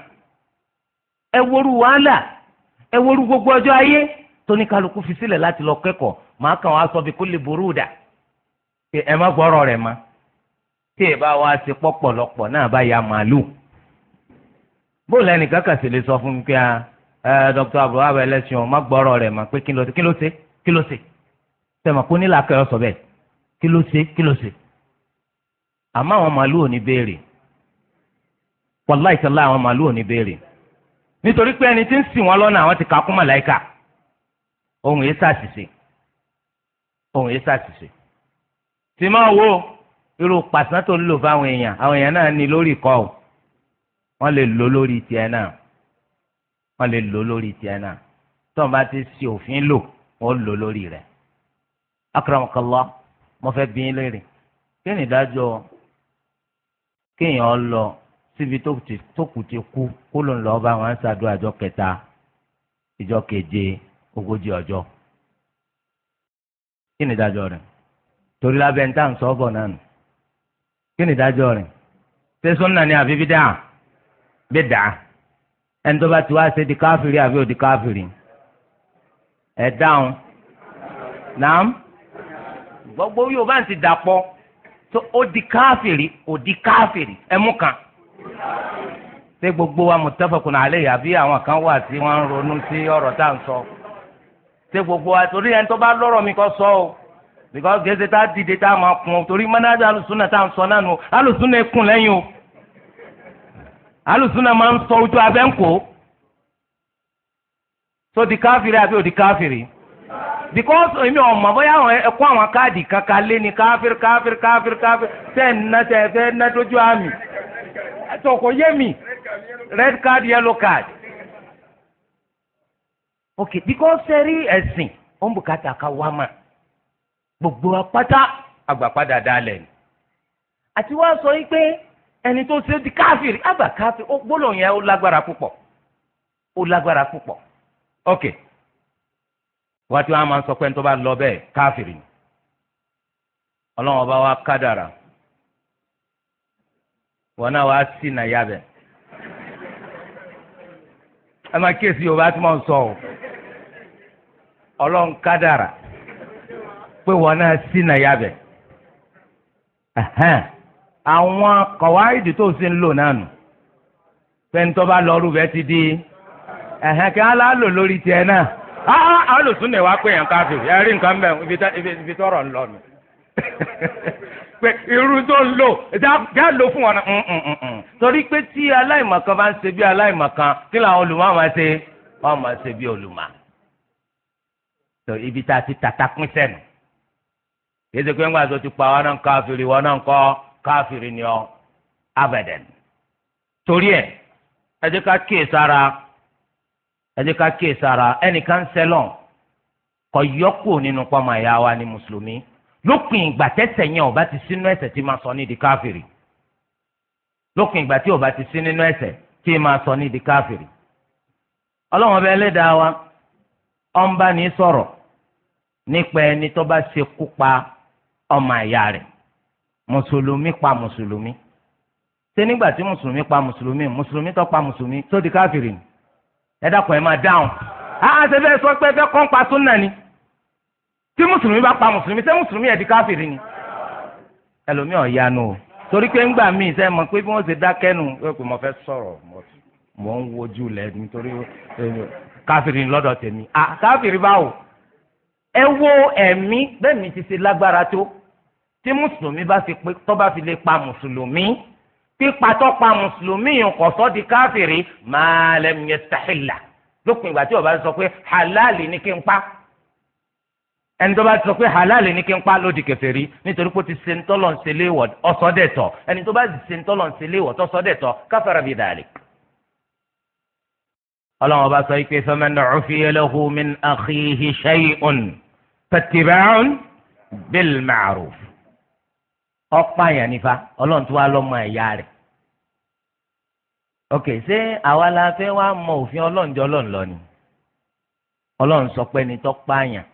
Speaker 2: ẹ wàhálà gbogbo ọjọ́ ayé tóníkàlùkù fi sílẹ̀ láti lọ kẹ́kọ̀ọ́ màá kàn wá sọ bí kò lè ború dà. ẹ má gbọ́rọ̀ rẹ̀ tí ì bá ti pọ̀ pọ̀lọpọ̀ náà bóòlù ẹnìkan kà sí lè sọ fún mi pé ẹ dr abu abu ẹlẹsìn ọmọ gbọrọ rẹ mà pé kí ló ṣe kí ló ṣe kí ló ṣe tẹmọ kó nílà kẹyọ sọ bẹ́ẹ̀ kí ló ṣe kí ló ṣe àmọ́ àwọn màálù ò ní béèrè wàláì sọlá àwọn màálù ò ní béèrè nítorí pé ẹni tí ń sìn wọn lọ́nà àwọn ti kà kún màláìkà ohun yìí ṣàṣìṣe ohun yìí ṣàṣìṣe tì máa wo irú pàṣán tó ń lò fáwọn èèyàn àwọn èèyàn náà ní lórí ìkọ́ ò wọ́n lè lò lórí tiẹ̀ náà wọ́n lè lò lórí tiẹ̀ náà tóun bá ti ṣe òfin lò wọ́n lò lórí rẹ̀. akramakallah mo fẹ́ bí léèrè kí ni ìdájọ́ kéèyàn lọ síbi tó ti kú kó ló ń lọ bá wọn ṣàdúrà ọjọ́ kẹta ìjọ keje ogójì ọjọ́ kí ni ìdájọ́ rẹ̀ torí ń bídà ẹni tó bá ti wá ṣe di káfìrí àbí òdi káfìrí ẹ dáhùn nàám gbogbo yóò bá ń ti dàpọ̀ tó òdi káfìrí òdi káfìrí ẹ kan ṣé gbogbo wa muttafaqun alayhi àbí àwọn kan wà tí wọ́n ń ronú sí ọ̀rọ̀ tá à ń sọ ṣé gbogbo wa torí ẹni tó bá lọ́rọ̀ mi kọ́ sọ o because gẹ́sẹ̀ tá a dìde tá a máa kun o torí mọ́nájà alùsùn náà tá à ń sọ náà nù alùsùn náà kún lẹ́yìn o alùsùnà máa ń sọ ojú abẹ́ ń kó so di káfìrí àbí òdi káfìrí because èmi ọmọ bóyá àwọn ẹkọ àwọn káàdì kankan lé ní káfìrí káfìrí káfìrí káfìrí tẹ ń ná tẹ fẹ ná dójú àmì ẹtọ kò yé mi
Speaker 1: red card yellow card
Speaker 2: ok because sẹ́rí ẹ̀sìn ó ń bùkátà ká wá mà gbogbo apáta àgbàpadà dálẹ̀ ni àti wá sọ yìí pé ẹni tó ṣe di káfíìrì àbà káfíìrì ó gbólóhùn yẹn ó lágbára púpọ̀ ó ok wá tí wọn máa ń sọ pé ọba wa kádàrà wọn náà sí nàyà bẹ́ẹ̀ ẹ máa kíyèsí yorùbá tí wọ́n sọ o ọlọ́run kádàrà pé wọn náà àwọn kọ̀wáìdì tó sì ń lò náà nù pẹ̀ntọ́ bá lọ́ọ́rù bẹ́ẹ̀ ti di ẹ̀hẹ́n kí á lá lò lórí tiẹ̀ náà áá alòsùn lè wá pé yẹn káfíò ẹ rí nǹkan bẹ́ẹ̀ ibi tọrọ ń lọ nù [laughs] pé irú tó ń lò já lò fún wọn mm, mm, mm, torí pé tí aláìmọ̀kan bá ń ṣe bí aláìmọ̀kan kí làwọn olùmọ̀ máa ṣe wọ́n máa ṣe bí olùmọ̀ tó ibi tá a ti tàtà pín sẹ́nu kí ẹ ṣe pé ńgbà tó ti pa wọn náà ń kọ́ wọn náà ń kọ́ káfíìrì ni ọ abẹ́dẹ̀n torí ẹ̀ ẹ jẹ́ ká kíyè sára ẹ jẹ́ ká kíyè sára ẹnìkan sẹ́lọ̀n kọ yọkù nínú pọ́mọ ẹ̀yà wa ní mùsùlùmí lópin ìgbà tẹ́sẹ̀ yẹn ọba ti sínú ẹ̀ṣẹ̀ tí máa sọ ní di káfíìrì lópin ìgbà tí ọba ti sí nínú ẹ̀ṣẹ̀ tí máa sọ ní di káfíìrì ọlọ́wọ́n bẹ ẹlẹ́dàá wa ọ̀nba ní sọ̀rọ̀ nípa ẹni tó bá ṣekú pa ọmọ ẹ̀yà rẹ̀ mùsùlùmí pa mùsùlùmí ṣé nígbà tí mùsùlùmí pa mùsùlùmí mùsùlùmí tó pa mùsùlùmí tó di káfìrì ni ẹ dákun ẹ máa dáhùn àá ṣe fẹ́ sọ pé ẹ fẹ́ kọ́ ń pa súnà ni tí mùsùlùmí bá pa mùsùlùmí ṣé mùsùlùmí ẹ̀ di káfìrì ni ẹlòmíì ọ̀yanu o torí pé ńgbà míì sẹ́ mọ̀ pé bí wọ́n ṣe dákẹ́ nu ẹ pé mo fẹ́ sọ̀rọ̀ mo ń wojú lẹ̀ nítorí káfìrì lọ́dọ̀ tèmi à káfìrì báwo ẹ wo ẹ̀mí bẹ́ẹ̀ mi ti ṣe lágbára tó tí mùsùlùmí bá fi pé tó bá fi lè pa mùsùlùmí pípa tó pa mùsùlùmí yìí kò sọ di káfìrí ma lam yastahilla lópin ìgbà tí ó bá sọ pé halali ni kí n pa ẹni tó bá sọ pé halali ni kí n pa ló di kèfèrí nítorí pé ó ti ṣe ń tọ́lọ̀ ń ṣe léwọ̀ ọ̀sọ́dẹ̀tọ̀ ẹni tó bá ṣe ń tọ́lọ̀ ń ṣe léwọ̀ tọ́sọ́dẹ̀tọ̀ kafara bi dhalik. ọlọ́run ọba sọ pé faman ufiya lahu min akhihi shay'un fattiba'un bil ma'ruf ọ̀pààyàn nífa ọlọ́run tó wá lọ́mọ ẹ̀yà rẹ̀. ok ṣé àwa la fẹ́ wá mọ òfin ọlọ́run jọ ọlọ́run lọ ni ọlọ́run sọ pé ẹni tó pààyàn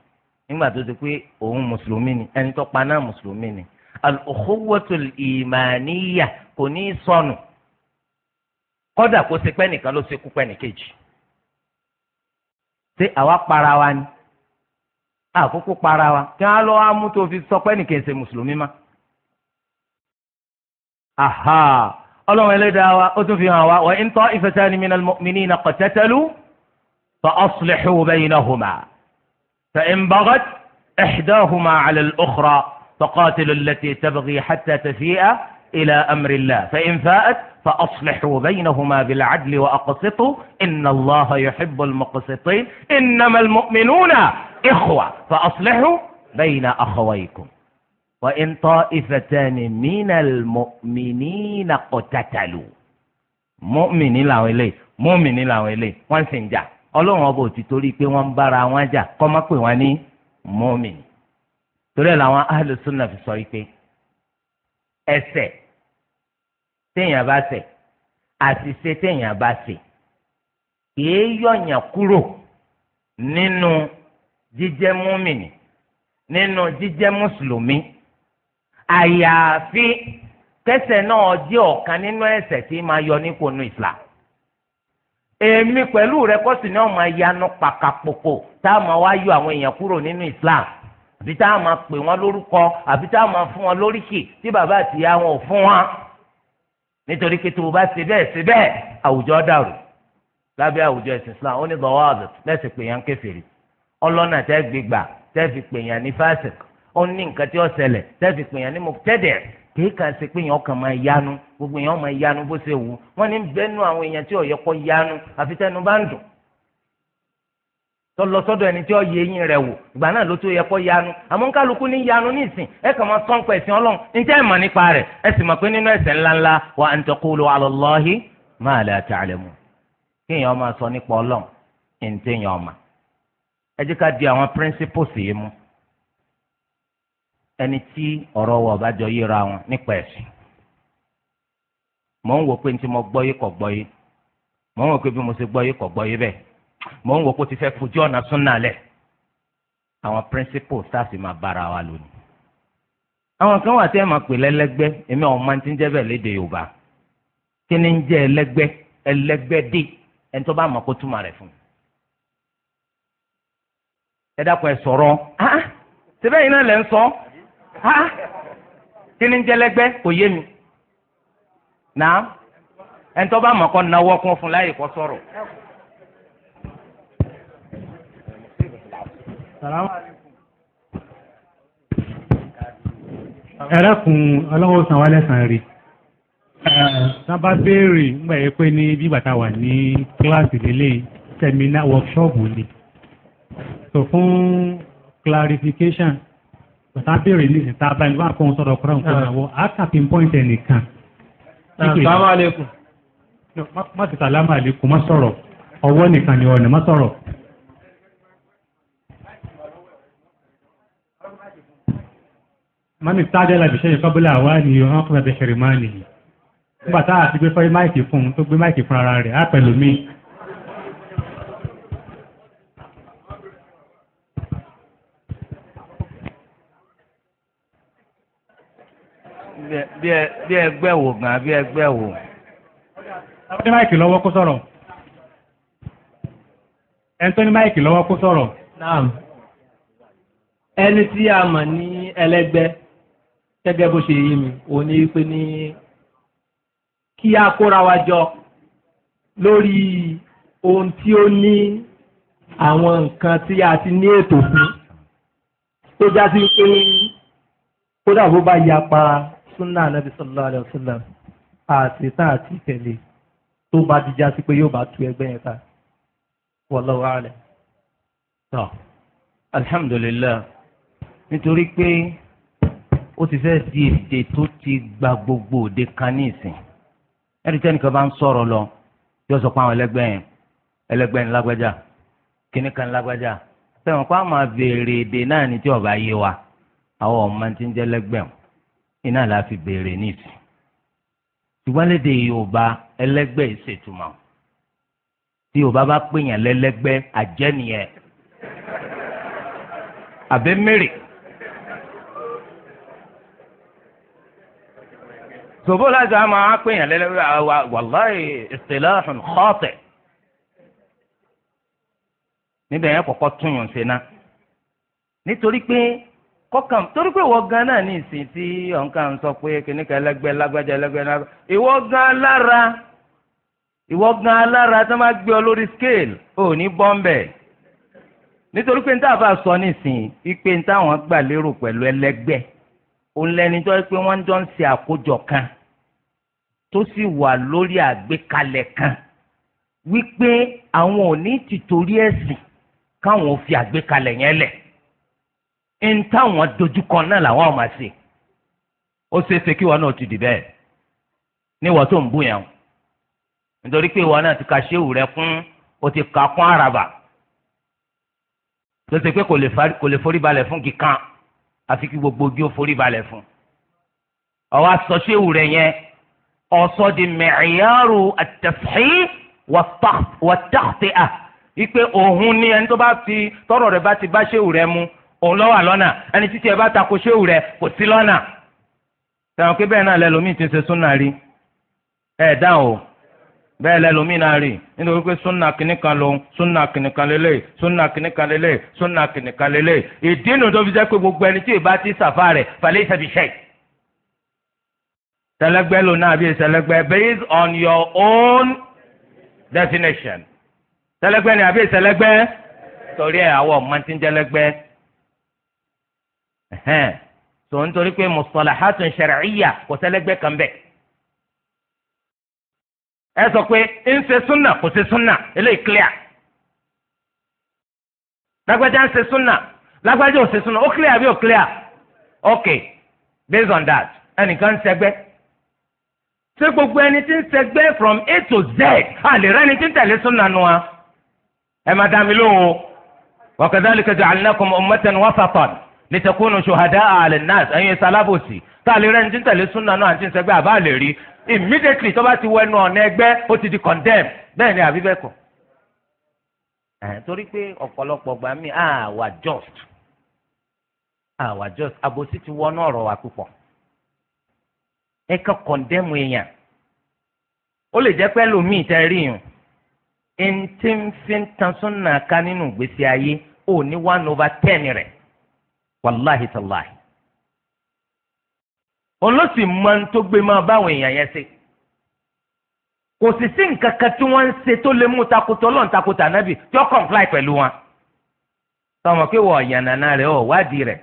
Speaker 2: nígbà tó ti pé òun mùsùlùmí ni ẹni tó pa náà mùsùlùmí ni al-ukhuwatul imaniyya kò ní í sọnù kódà kó ṣe pẹ́ nìkan ló ṣe kú pẹ́ nìkejì ṣé àwa para wa ni àkókò para wa kí wọ́n á lọ́ọ́ amú tó fi sọ pẹ́ nìkan ṣe mùsùlùmí máa. أها الله ẹlẹ́dàá دعوة ó وإن طائفتان من المؤمنين wa فأصلحوا بينهما فإن بغت إحداهما على الأخرى فقاتل التي تبغي حتى تفيء إلى أمر الله فإن فاءت فأصلحوا بينهما بالعدل وأقسطوا إن الله يحب المقسطين إنما المؤمنون إخوة فأصلحوا بين أخويكم wa in ta'ifatani minal mu'minina qatatalu mu'mini làwọn eléyìí mu'mini làwọn eléyìí wọ́n sì ń jà ọlọ́run ọba ò ti torí pé wọ́n ń bára wọn jà kọ́ má pè wọ́n ní mu'mini torí ẹ̀ làwọn ahlu sunna fi sọ pé ẹ̀ṣẹ̀ téèyàn bá ṣẹ̀ àṣìṣe téèyàn bá ṣe kìí yọ̀yàn kúrò nínú jíjẹ́ mu'mini nínú jíjẹ́ mùsùlùmí àyàfi kẹsẹ̀ náà jẹ́ ọ̀kan nínú ẹ̀ṣẹ̀ tí máa yọ nípò nu islam èmi pẹ̀lú rẹ kọ́sì náà máa yanu pàkàpòkò tá a máa wá yọ àwọn èèyàn kúrò nínú islam àbí tá a máa pè wọ́n lórúkọ àbí tá a máa fún wọn lóríkì tí bàbá àti ìyá wọn ò fún wọn nítorí pé tó o bá ṣe bẹ́ẹ̀ ṣe bẹ́ẹ̀ àwùjọ dàrú lábẹ́ àwùjọ ẹ̀sìn islam ó ní gbọ́wọ́ àbẹ̀ lẹ́sìn pé yẹn ń kèfèrí ọlọ́nà tẹ́ gbégbà tẹ́ fi pè yẹn ní fásitì ó ní nǹkan tí ó ṣẹlẹ̀ tẹ́fì pè yàn ní mọ̀tẹ́dẹ̀ kì í pé yàn ọkàn máa yanu gbogbo yàn máa yanu bó ṣe wù wọ́n ní bẹ́nu àwọn èèyàn tí ọ̀yẹ́ kọ́ yanu àfi tẹnu bá ń dùn tọlọ sọ́dọ̀ ẹni tí ó yẹ eyín rẹ̀ wò ìgbà náà ló tó yẹ kó yanu àmọ́ kálukú ní yanu ní ìsìn ẹ kàn máa Ọlọ́run níta mọ̀ nípa rẹ̀ ẹ sì mọ̀ pé nínú wa an taqulu ala sọ nípa Ọlọ́run ẹ̀ ń ọmọ ẹ jẹ́ ká di ẹni tí ọ̀rọ̀ wọ̀ bá jọ yíra wọn nípa ẹ̀sìn mò ń wò pé ní tí mo gbọ́ yìí kò gbọ́ yìí mò ń wò pé bí mo ṣe gbọ́ yìí kò gbọ́ yìí bẹ́ẹ̀ mò ń wò pé ó ti fẹ́ fojú ọ̀nà súnà lẹ̀ àwọn principles tá máa bára wa lónìí. àwọn kan wà tí ẹ máa pè lẹ́lẹ́gbẹ́ èmi àwọn máa ti ń jẹ́ bẹ́ẹ̀ léde Yorùbá kí ni ń jẹ́ ẹlẹ́gbẹ́ ẹlẹ́gbẹ́ dé ẹni tó bá mọ̀ kó túmọ̀ rẹ̀ fún un. ẹ dákun ẹ sọ̀rọ̀ ah, ah ha kíni ń jẹlẹgbẹ kò yé mi nà ẹnitọ́ bá mọ̀ kọ́ nawọ́ kún fún láyè kọ́ sọ̀rọ̀.
Speaker 1: ẹ̀rẹ́kùn ọlọ́wọ́ san wálé san rí tá a bá béèrè ńgbà yẹn pé ní bí bàtà wà ní kíláàsì lélẹ̀ sẹ́mínà wọ́kṣọ́ọ̀bù ni so fún clarification bàtà béèrè ní ìsìn tá a bá ẹni wá kó ń sọ̀rọ̀ kúrọ̀ nǹkan àwọ̀ á kà pin point ẹ̀ nìkan. assalamu ah, alaikum. má ti sàlámà àlékún má sọ̀rọ̀ ọwọ́ nìkan ni ọ̀nà má sọ̀rọ̀. mami sáájá làbí sẹ́yìn kọ́bílà àwa ni wọ́n kọ́ bẹ̀rẹ̀ máa nìyí. nígbà tá a ti gbé fẹ́ máìkì fún un tó gbé máìkì fún ara rẹ̀ á pẹ̀lú mi.
Speaker 2: bí ẹgbẹ́ wò gan bí ẹgbẹ́ wò.
Speaker 1: ẹni tó ní máìkì lọ́wọ́ kó sọ̀rọ̀ ẹni tó ní máìkì lọ́wọ́ kó sọ̀rọ̀.
Speaker 2: ẹni tí a mọ̀ ní ẹlẹ́gbẹ́ gẹ́gẹ́ bó ṣe yé mi òun ni pé ní kí a kóra wa jọ lórí ohun tí ó ní àwọn nǹkan tí a ti ní ètò fún tó já sí pé kódà bó bá yapa súnà nàbí sallallahu alaihi wasallam àti tá àti tẹ̀lé tó bá ti já sí pé yóò bá tu ẹgbẹ́ yẹn ká wallahu a'lam. tọ́ alhamdulillah nítorí pé ó ti fẹ́ di èdè tó ti gba gbogbo òde kan ní ìsìn ẹ̀rí tẹ́nìkan bá ń sọ̀rọ̀ lọ yóò sọ pé àwọn ẹlẹ́gbẹ́ yẹn ẹlẹ́gbẹ́ yẹn lágbájá kíní kan lágbájá fẹ́ràn pé àwọn àbèrè èdè náà ní tí ọba yé wa àwọn ọmọ ti ń jẹ́ lẹ́gbẹ̀ẹ́ iná la fi béèrè nísìn ṣùgbọ́n léde yorùbá ẹlẹ́gbẹ́ ìṣètumọ̀ tí yorùbá bá pèèyàn lẹ́lẹ́gbẹ́ àjẹ́nìyẹn àbẹ́ mẹ́rẹ̀ sọ̀bọ́ láti àmọ́ á pèèyàn lẹ́lẹ́gbẹ́ wàláì istilahun khati níbẹ̀ yẹn kọ́kọ́ túnyàn ṣe ná nítorí pé kọkàn torí pé ìwọ gan náà ní ìsìn tí ọ̀nkà ń sọ pé kìnnìkan ẹlẹgbẹ́ lágbájá ẹlẹgbẹ́ náà ìwọ gan lára ìwọ gan alára tó máa gbé ọ lórí scale ò ní bọ́m̀bẹ̀ nítorí pé níta bá sọ nísìn ipe níta wọn gbà lérò pẹ̀lú ẹlẹgbẹ́ òun lẹni tó yẹ pé wọ́n jọ ń ṣe àkójọ kan tó sì wà lórí àgbékalẹ̀ kan wípé àwọn ò ní tìtorí ẹ̀sìn káwọn ò fi àgbékalẹ̀ yẹn lẹ̀ ń táwọn dojúkọ náà làwọn ọmọ sí ó ṣeéṣe kí wọn náà ti dì bẹ́ẹ̀ níwọ tó ń bú yẹn nítorí pé ìwọ náà ti ka ṣéwù rẹ kún o ti ka kún àràbà tó ṣe pé kò lè forí balẹ̀ fún kíkan àfi kí gbogbo ojú forí balẹ̀ fún ọwọ́ aṣọ ṣéwù rẹ yẹn ọ̀sọ́ di mẹ̀ẹ́yàrú àtẹ̀fẹ́ wọ́tàkùtì à wípé òun ni ẹni tó bá fi tọrọ rẹ bá ti bá ṣéwù rẹ mu òun ló wà lọ́nà ẹni títí ẹ bá tako ṣéwù rẹ kò sí lọ́nà. sàrùn pé bẹ́ẹ̀ náà lẹ́lòmíì ti ṣe súnà rí ẹ̀ dáhùn o bẹ́ẹ̀ lẹ́lòmíì náà rí nítorí pé súnà kìnìkan lòun súnà kìnìkan lélẹ̀ súnà kìnìkan lélẹ̀ súnà kìnìkan lélẹ̀ ìdí nu tó fi jẹ́ pé gbogbo ẹni tí ìbá ti sàfà rẹ̀ falẹ̀ ìṣẹ̀bi ṣẹ̀. sẹlẹgbẹ́ lò náà bí sẹlẹgbẹ́ based on your own definition sẹlẹgbẹ́ ni àbí sẹlẹgbẹ́ torí ẹ̀ àwọ̀ mọ́tíńjẹ́lẹ́gbẹ́ ẹ̀hẹ́n tó ń torí pé mustalahatun shar'iyya kò sẹ́lẹ́gbẹ́ kan bẹ̀. ẹ sọ pé ń ṣe súnà kò ṣe súnà eléyìí clear. lágbájá ń ṣe súnà lágbájá ò ṣe súnà ó clear àbí ò clear ok based on that ẹnìkan ń ṣẹgbẹ́ ṣé gbogbo ẹni tí ń ṣẹgbẹ́ from A to Z àlè rẹ ni tí ń tẹ̀lé súnà nu wa ẹ má dá mi lóhùn wa kadhalika ja'alnakum ummatan litakunu shuhada'a 'ala an-nas ẹ̀yin sálábòsì tá a lè rẹ́ni tí ń tẹ̀lé ti wọ ẹnu ọ̀nà ẹgbẹ́ di condemn bẹ́ẹ̀ ni àbí bẹ́ẹ̀ kọ́. torí pé ọ̀pọ̀lọpọ̀ mi mí just àwa just àbòsí ti wa púpọ̀ ẹ condemn èèyàn ó lè jẹ́ pẹ́ lómi ìtẹ́rí fi tan ká nínú ayé ní wàláhì tàláhì olóṣì máa ń tó gbé máa báwọn èèyàn yẹn ṣe kò sì sí nǹkan kan tí wọ́n ń ṣe tó lè mú takotọ́ lọ́n takotọ́ ànábì tí ó kọ̀ǹpláì pẹ̀lú wọn tọmọ pé wọ́n yànnàna rẹ̀ ọ̀ wádìí rẹ̀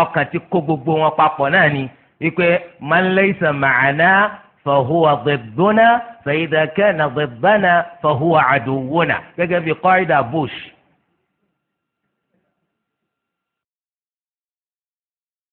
Speaker 2: ọkàn ti kó gbogbo wọn papọ̀ náà ni wípé man laysa ma'ana fahuwa didduna fa idha kana diddana fahuwa aduwwuna gẹ́gẹ́ bí qaida Bush